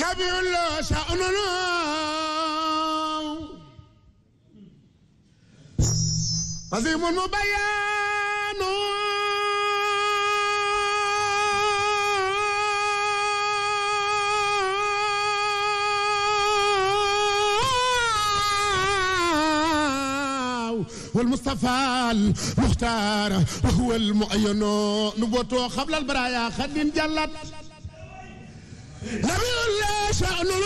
nabiyullah sha'nunoo azimun mu bayaanu والمصطفى المختار وهو المعين نبوته قبل البرايا خد جلت نبي شأنه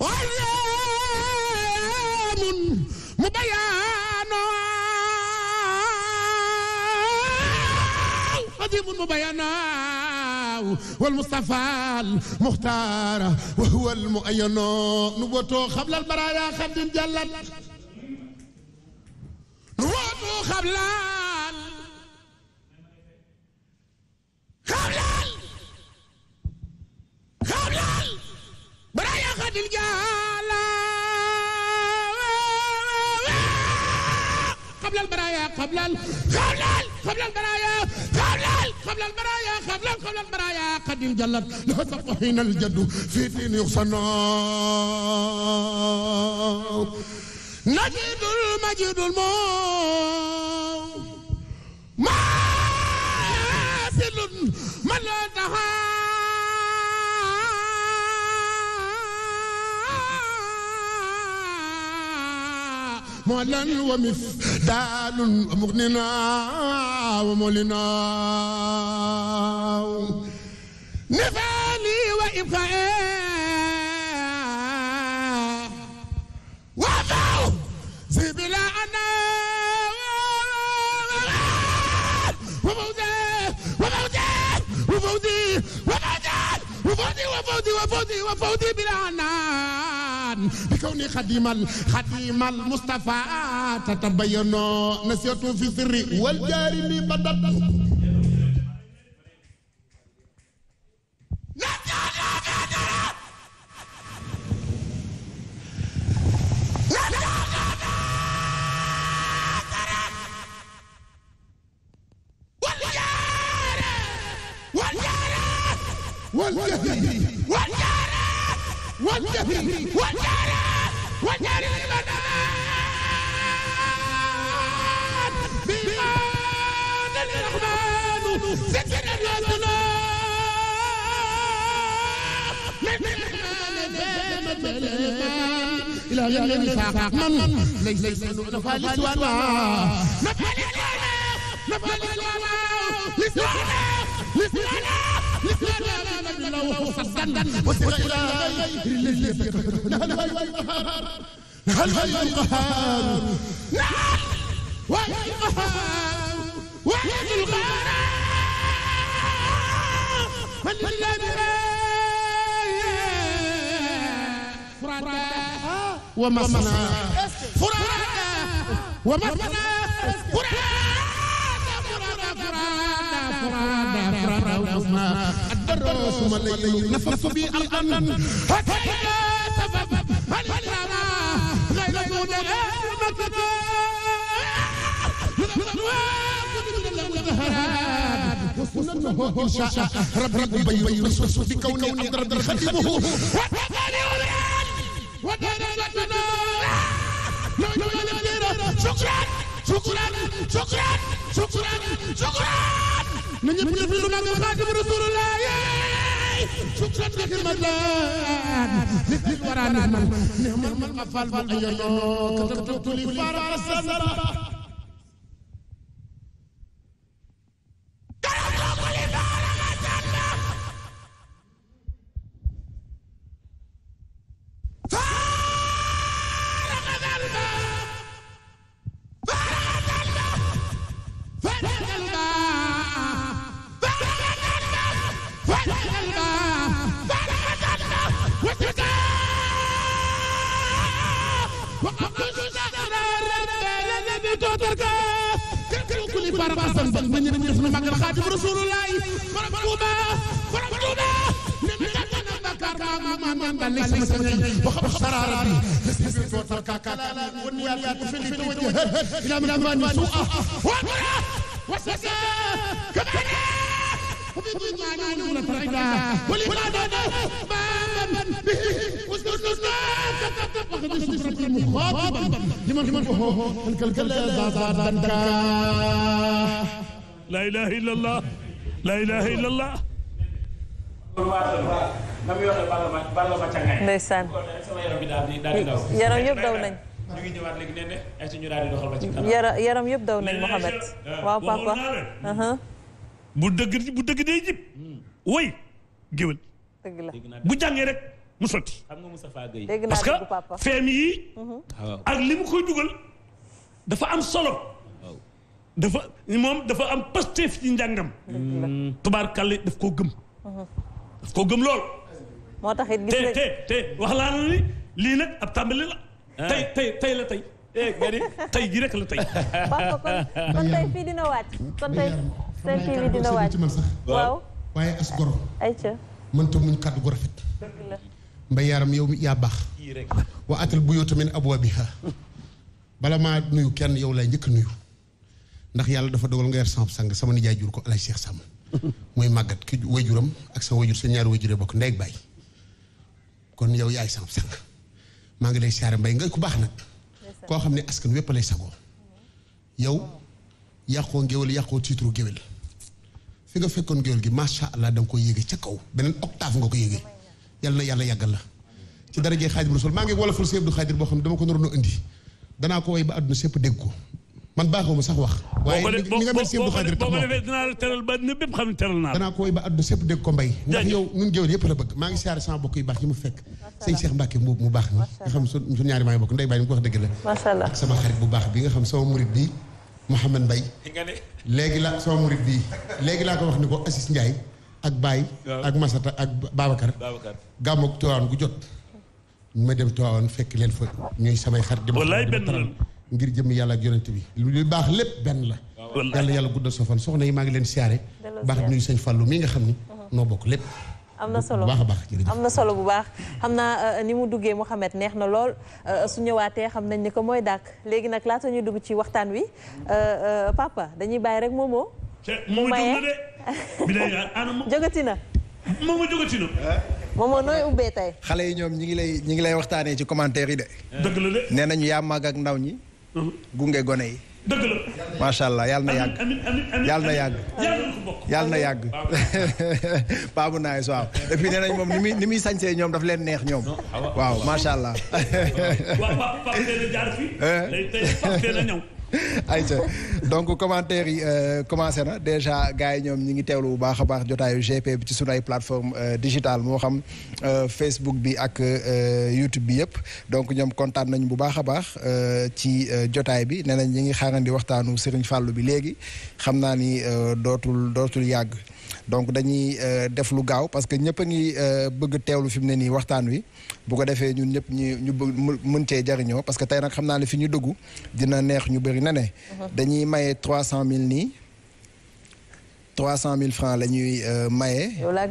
وأيام مبيان قديم مبيان والمصطفى المختار وهو المؤين نبوته قبل البرايا خد جلت نبوته قبل الجهالة قبل البرايا قبل ال... قبل ال... قبل البرايا قبل ال... قبل البرايا قبل ال... قبل البرايا قد انجلت لا تقحين الجد في دين يحسنا نجد المجد الموت ما من لا تهان مولا ومفدال مغننا ومولنا نفالي وإبقائي وفو زبلا أنا وفودي وفودي وفودي وفودي وفودي وفودي وفودي بلا أنا لكوني خديما خديم المصطفى تتبين نسيت في سري والجار لي بدت والجهل والجهل والجهل والجهل إلى غير ساق من ليس نفعل سوانا نفعل سوانا نفعل سوانا لسوانا لسوانا هل هل القهار نعم وهي القهار وهي القهار wa masna furada wa masna رب رب بيو بيو بيو بيو بيو بيو بيو بيو بيو وتركتنا لو يلدينا شكرا شكرا شكرا شكرا شكرا من يبقى في المدى فاكم رسول الله شكرا لك المدان مثل الورى نعمل نعمل مفال بالعيون كتبت لي فارس السنة وسكا كمان وبالإيمان والفرقة والإيمان بابا به واستغفر وخذ الشكر في مخاطبا لمن لمن الكلكل لا إله إلا الله لا إله إلا الله ndeysaan yaram yëpp daw nañ yaram yëpp daw nañ Mouhamed waaw papa bu dëgg bu dëgg dee jib hmm. woy géwél bu jàngee rek mu sotti parce que feem yi mhm. ak li mu koy dugal dafa am solo dafa moom dafa am Pastef ci njàngam hmm. tubaarkàlla daf koo gëm mhm. daf koo gëm lool moo tax it gis te te wax laa na ni lii nag ab tàmbali la ah. tey tey la tey eh, tey gi rek la tey waaye as goro ayca mënta muñ kàddu gu rafet mbay yaaram yow mi yaa baax wa atal bu yoo tamit abwaabiha bala maa nuyu kenn yow lay njëkk nuyu ndax yàlla dafa dogal nga yar samp sang sama nijaay jur ko alaaj Seex Sàmm muy màggat ki wajuram ak sa wajur sa ñaari wajuree bokk ndey ak baay kon yow yaay samp sang maa ngi lay siyaare mbay nga ko baax nag koo xam ne askan wépp lay sagoo mm-hmm. yow yàqoo ngéwél yàqoo titre géwél fi nga fekkoon géwél gi macha allah da nga koy yéege ca kaw beneen octave nga ko yéege yàlla na yàlla yàggal la ci darajee Xaadimu Rasuul maa ngi wolofal Sëñ Abdou Xaadir boo xam ne dama ko naroon a indi ko woy ba àdduna sépp dégg ko man baaxoo ma wax. waaye naa danaa ko woy ba àdduna sépp dégg ndax yow ñun géwél yëpp la bëgg maa ngi siyaare sama bokk yu baax yi mu fekk sëñ Cheikh Mbacke mu baax ni nga xam sun ñaari maa ngi bokk ndey bàyyi mu ko wax dëgg la sama xarit bu baax bi nga xam sa bi Mouhamed Mbaye léegi la sama murit bii léegi laa ko wax ni ko Assis Ndiaye ak baay ak Masata ak Babacar gàmmu ak Tiwaawan gu jot ñu ma dem Tiwaawan fekk leen fa ñuy samay xarit di ma ngir jëm yàlla ak yonent bi lu baax lépp benn la yàlla yàlla guddal sa fan soxna yi maa ngi leen siyaare baax di nuyu sëñ Fallou mii nga xam ni uh-huh. noo bokk lépp am na solo baax am na solo bu baax xam naa euh, ni mu duggee Mouhamed neex na lool euh, su ñëwaatee xam nañ ni ko mooy dàkk léegi nag laata ñuy dugg ci waxtaan wi euh, papa dañuy bàyyi rek moomoo mu maye jógati na moomoo jógati na moomoo nooy ubbee tey xale yi ñoom ñi ngi lay ñi ngi lay waxtaanee ci commentaire yi de dëgg la nee nañu yaa màgg ak ndaw ñi gunge gone yi macha allah yàlla na yàgg yàlla na yàgg yàlla na yàgg baabu naay waaw et puis nee nañ moom ni muy ni muy sañsee ñoom daf leen neex ñoom ah, waaw macha allah. waaw Pape eh? Pape Pape Pape Pape Pape Pape Pape Pape ayca donc commentaire yi euh, commencé na déjà gars yi ñoom ñi ngi teewlu bu baax a baax jotaayu GP bi ci sunu ay plateforme euh, digitale moo xam euh, Facebook bi ak YouTube bi yëpp donc ñoom kontaan nañ bu baax a baax ci jotaay bi nee nañ ñi ngi xaarandi waxtaanu Serigne fàllu bi léegi xam naa ni dootul dootul yàgg donc dañuy def lu gaaw parce que ñëpp a ngi bëgg teewlu fi mu ne nii waxtaan wi bu ko defee ñun ñëpp ñu ñu bëgg mën cee jariñoo parce que tey nag xam naa ne fi ñu dugg na ne. Mhm. dañuy maye trois cent mille nii trois cent mille francs la ñuy euh, maye.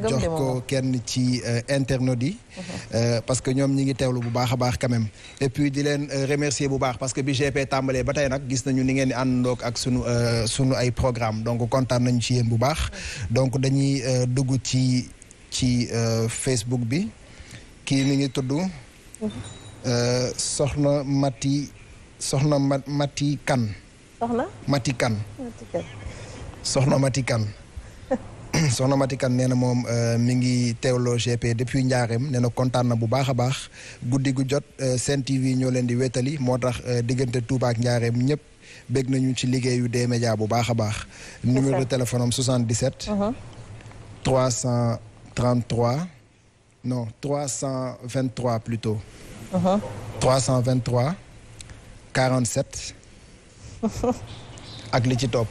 jox ko kenn ci euh, internet yi. Mhm. Euh, parce que ñoom ñi ngi teewlu bu baax a baax quand même. et puis di leen remercier bu baax parce que bi GP tàmbalee ba tey nag gis nañu ni ngeen di àndandoo ak sunu sunu ay programme donc kontaan nañu ci yéen bu baax. Mhm. donc dañuy dugg ci ci Facebook bi kii mi ngi tudd. Soxna Mati. soxna Mati Kan soxna matikan soxna matikan Kan soxna Mati Kan na moom euh, mi ngi teewloo GP depuis Njaareem nee na kontaan na bu baax a baax guddi gu jot euh, Sen TV ñoo leen di wettali moo tax euh, diggante Touba ak Njaareem ñëpp bégg nañu ci liggéeyu dee média bu baax a baax. numéro de téléphone am 77. 333 uh-huh. non 323 plutôt. 323. Uh-huh. 47 ak li ci topp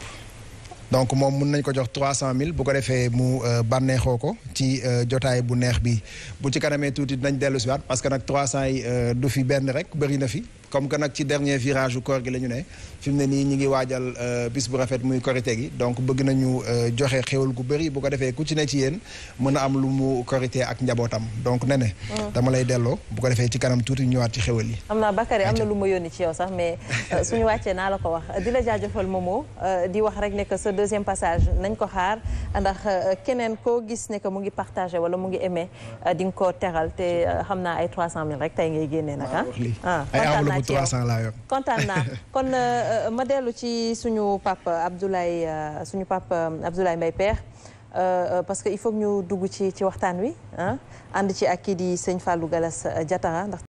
donc moom mun nañ ko jox trois cent mille bu ko defee mu euh, bànneexoo ko ci euh, jotaay bu neex bi bu ci kanamee tuuti dinañ dellu si waat parce que nag trois cent yi euh, du fi benn rek bëri na fi comme que nag ci dernier virage u koor gi la ñu ne fi ne nii ñi ngi waajal euh, bis bu rafet muy korite gi donc bëgg nañu euh, joxe xéwal gu bëri bu ko defee ku ci ne ci yéen mën a am lu mu korite ak njabootam donc ne ne mm. dama lay delloo bu ko defee ci kanam tuuti ñëwaat ci xéwal yi am naa Bakary am na lu ma yónni ci yow sax mais euh, suñu wàccee naa la ko wax di la jaajëfal Momo di wax rek ne que ce deuxième passage nañ ko xaar ndax keneen koo gis ne que mu ngi partagé wala mu ngi aimé di nga ko teral te xam naa ay 300000 rek tey ngay génnee nag ah naa kontaan naa kon euh, euh, ma dellu ci suñu papa Abdoulaye euh, suñu papa Abdoulaye mbay Père parce que il faut ñu dugg ci ci waxtaan wi ah ci ak kii di sëñ Fallou Galas Diatara